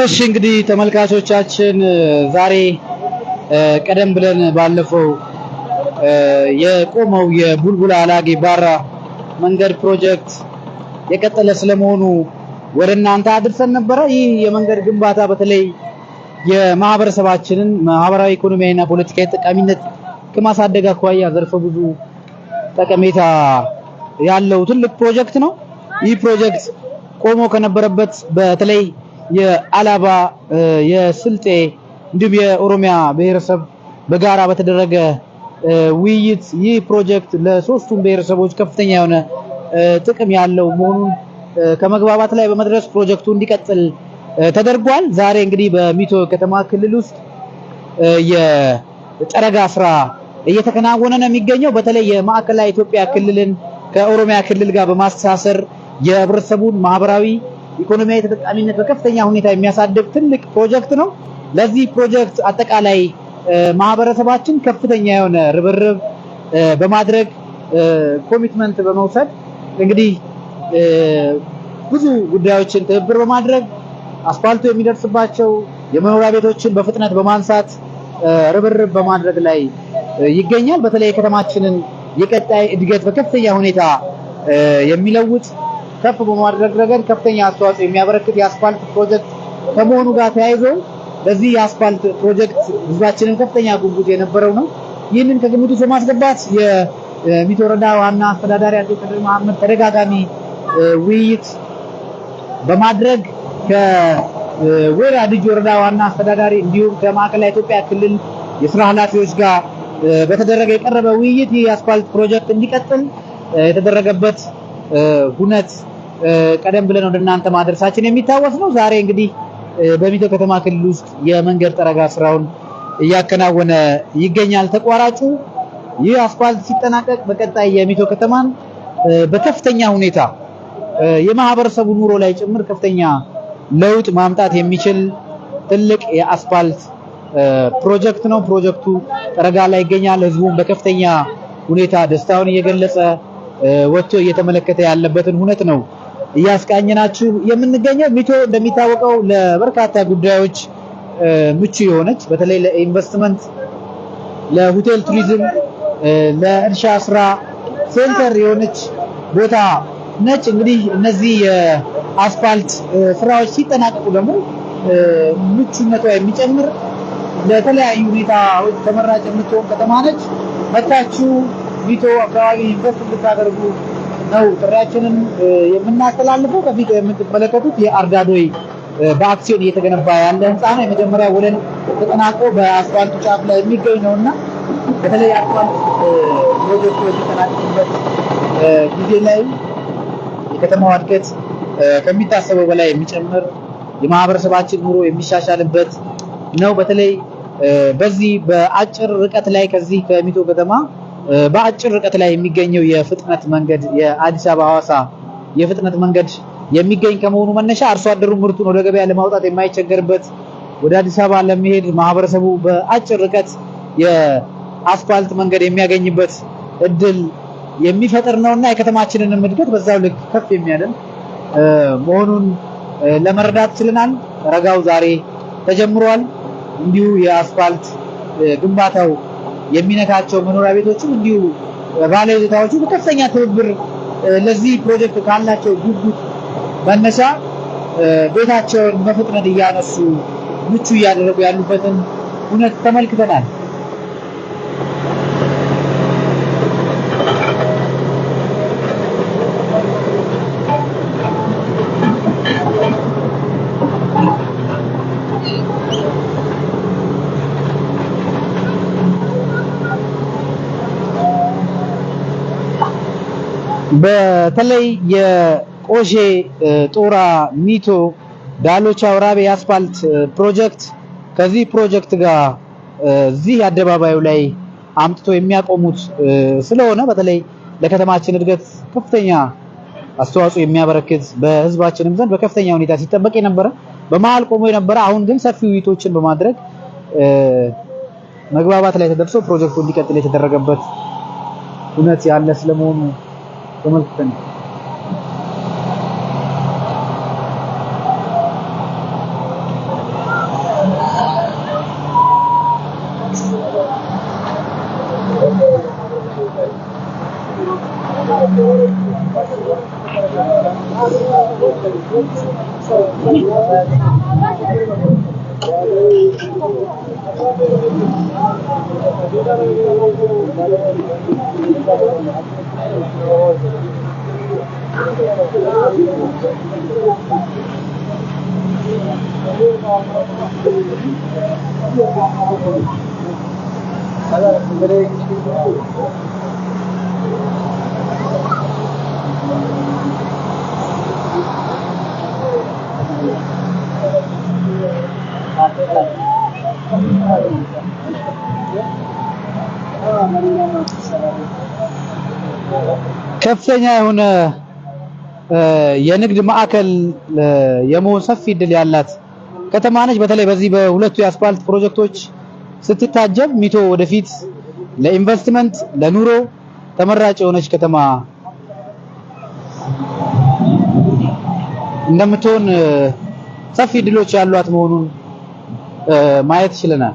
እሺ እንግዲህ ተመልካቾቻችን ዛሬ ቀደም ብለን ባለፈው የቆመው የቡልቡላ አላጌ ባራ መንገድ ፕሮጀክት የቀጠለ ስለመሆኑ ወደ እናንተ አድርሰን ነበረ። ይህ የመንገድ ግንባታ በተለይ የማህበረሰባችንን ማህበራዊ፣ ኢኮኖሚያዊና ፖለቲካዊ ጠቃሚነት ከማሳደግ አኳያ ዘርፈ ብዙ ጠቀሜታ ያለው ትልቅ ፕሮጀክት ነው። ይህ ፕሮጀክት ቆሞ ከነበረበት በተለይ የአላባ የስልጤ እንዲሁም የኦሮሚያ ብሔረሰብ በጋራ በተደረገ ውይይት ይህ ፕሮጀክት ለሶስቱም ብሔረሰቦች ከፍተኛ የሆነ ጥቅም ያለው መሆኑን ከመግባባት ላይ በመድረስ ፕሮጀክቱ እንዲቀጥል ተደርጓል። ዛሬ እንግዲህ በሚቶ ከተማ ክልል ውስጥ የጠረጋ ስራ እየተከናወነ ነው የሚገኘው። በተለይ የማዕከላዊ ኢትዮጵያ ክልልን ከኦሮሚያ ክልል ጋር በማስተሳሰር የህብረተሰቡን ማህበራዊ ኢኮኖሚያዊ ተጠቃሚነት በከፍተኛ ሁኔታ የሚያሳድግ ትልቅ ፕሮጀክት ነው። ለዚህ ፕሮጀክት አጠቃላይ ማህበረሰባችን ከፍተኛ የሆነ ርብርብ በማድረግ ኮሚትመንት በመውሰድ እንግዲህ ብዙ ጉዳዮችን ትብብር በማድረግ አስፋልቱ የሚደርስባቸው የመኖሪያ ቤቶችን በፍጥነት በማንሳት ርብርብ በማድረግ ላይ ይገኛል። በተለይ የከተማችንን የቀጣይ እድገት በከፍተኛ ሁኔታ የሚለውጥ ከፍ በማድረግ ረገድ ከፍተኛ አስተዋጽኦ የሚያበረክት የአስፋልት ፕሮጀክት ከመሆኑ ጋር ተያይዞ በዚህ የአስፋልት ፕሮጀክት ህዝባችንን ከፍተኛ ጉጉት የነበረው ነው። ይህንን ከግምት ውስጥ በማስገባት የሚቶ ወረዳ ዋና አስተዳዳሪ አቶ ከድር መሐመድ ተደጋጋሚ ውይይት በማድረግ ከወይራ ድጅ ወረዳ ዋና አስተዳዳሪ እንዲሁም ከማዕከላዊ ኢትዮጵያ ክልል የስራ ኃላፊዎች ጋር በተደረገ የቀረበ ውይይት ይህ የአስፋልት ፕሮጀክት እንዲቀጥል የተደረገበት ሁነት ቀደም ብለን ወደ እናንተ ማድረሳችን የሚታወስ ነው። ዛሬ እንግዲህ በሚቶ ከተማ ክልል ውስጥ የመንገድ ጠረጋ ስራውን እያከናወነ ይገኛል ተቋራጩ። ይህ አስፋልት ሲጠናቀቅ በቀጣይ የሚቶ ከተማን በከፍተኛ ሁኔታ የማህበረሰቡ ኑሮ ላይ ጭምር ከፍተኛ ለውጥ ማምጣት የሚችል ትልቅ የአስፋልት ፕሮጀክት ነው። ፕሮጀክቱ ጠረጋ ላይ ይገኛል። ህዝቡም በከፍተኛ ሁኔታ ደስታውን እየገለጸ ወጥቶ እየተመለከተ ያለበትን ሁነት ነው እያስቃኝናችሁ የምንገኘው ሚቶ እንደሚታወቀው ለበርካታ ጉዳዮች ምቹ የሆነች በተለይ ለኢንቨስትመንት፣ ለሆቴል ቱሪዝም፣ ለእርሻ ስራ ሴንተር የሆነች ቦታ ነች። እንግዲህ እነዚህ የአስፋልት ስራዎች ሲጠናቀቁ ደግሞ ምቹነቷ የሚጨምር ለተለያዩ ሁኔታዎች ተመራጭ የምትሆን ከተማ ነች። መታችሁ ሚቶ አካባቢ ኢንቨስት እንድታደርጉ ነው ጥሪያችንን የምናስተላልፈው። ከፊት የምትመለከቱት የአርዳዶይ በአክሲዮን እየተገነባ ያለ ህንፃ ነው። የመጀመሪያ ወለል ተጠናቆ በአስፋልቱ ጫፍ ላይ የሚገኝ ነው እና በተለይ አስፋልት ፕሮጀክቱ የተጠናቀበት ጊዜ ላይ የከተማዋ እድገት ከሚታሰበው በላይ የሚጨምር የማህበረሰባችን ኑሮ የሚሻሻልበት ነው። በተለይ በዚህ በአጭር ርቀት ላይ ከዚህ ከሚቶ ከተማ በአጭር ርቀት ላይ የሚገኘው የፍጥነት መንገድ የአዲስ አበባ ሐዋሳ የፍጥነት መንገድ የሚገኝ ከመሆኑ መነሻ አርሶ አደሩ ምርቱን ወደ ገበያ ለማውጣት የማይቸገርበት ወደ አዲስ አበባ ለመሄድ ማህበረሰቡ በአጭር ርቀት የአስፋልት መንገድ የሚያገኝበት እድል የሚፈጥር ነውና የከተማችንንም እድገት በዛው ልክ ከፍ የሚያደርግ መሆኑን ለመረዳት ችለናል። ረጋው ዛሬ ተጀምሯል። እንዲሁ የአስፋልት ግንባታው የሚነካቸው መኖሪያ ቤቶችም እንዲሁ ባለይዞታዎቹ ከፍተኛ ትብብር ለዚህ ፕሮጀክት ካላቸው ጉጉት መነሻ ቤታቸውን በፍጥነት እያነሱ ምቹ እያደረጉ ያሉበትን እውነት ተመልክተናል። በተለይ የቆሼ ጦራ ሚቶ ዳሎቻ አውራቤ አስፋልት ፕሮጀክት ከዚህ ፕሮጀክት ጋር እዚህ አደባባዩ ላይ አምጥቶ የሚያቆሙት ስለሆነ በተለይ ለከተማችን እድገት ከፍተኛ አስተዋጽኦ የሚያበረክት በህዝባችንም ዘንድ በከፍተኛ ሁኔታ ሲጠበቅ የነበረ በመሀል ቆሞ የነበረ አሁን ግን ሰፊ ውይይቶችን በማድረግ መግባባት ላይ ተደርሶ ፕሮጀክቱ እንዲቀጥል የተደረገበት እውነት ያለ ስለመሆኑ స మ ర ్ ప Thank you. Gracias. ከፍተኛ የሆነ የንግድ ማዕከል የመሆን ሰፊ እድል ያላት ከተማ ነች። በተለይ በዚህ በሁለቱ የአስፓልት ፕሮጀክቶች ስትታጀብ ሚቶ ወደፊት ለኢንቨስትመንት ለኑሮ ተመራጭ የሆነች ከተማ እንደምትሆን ሰፊ እድሎች ያሏት መሆኑን ማየት ችለናል።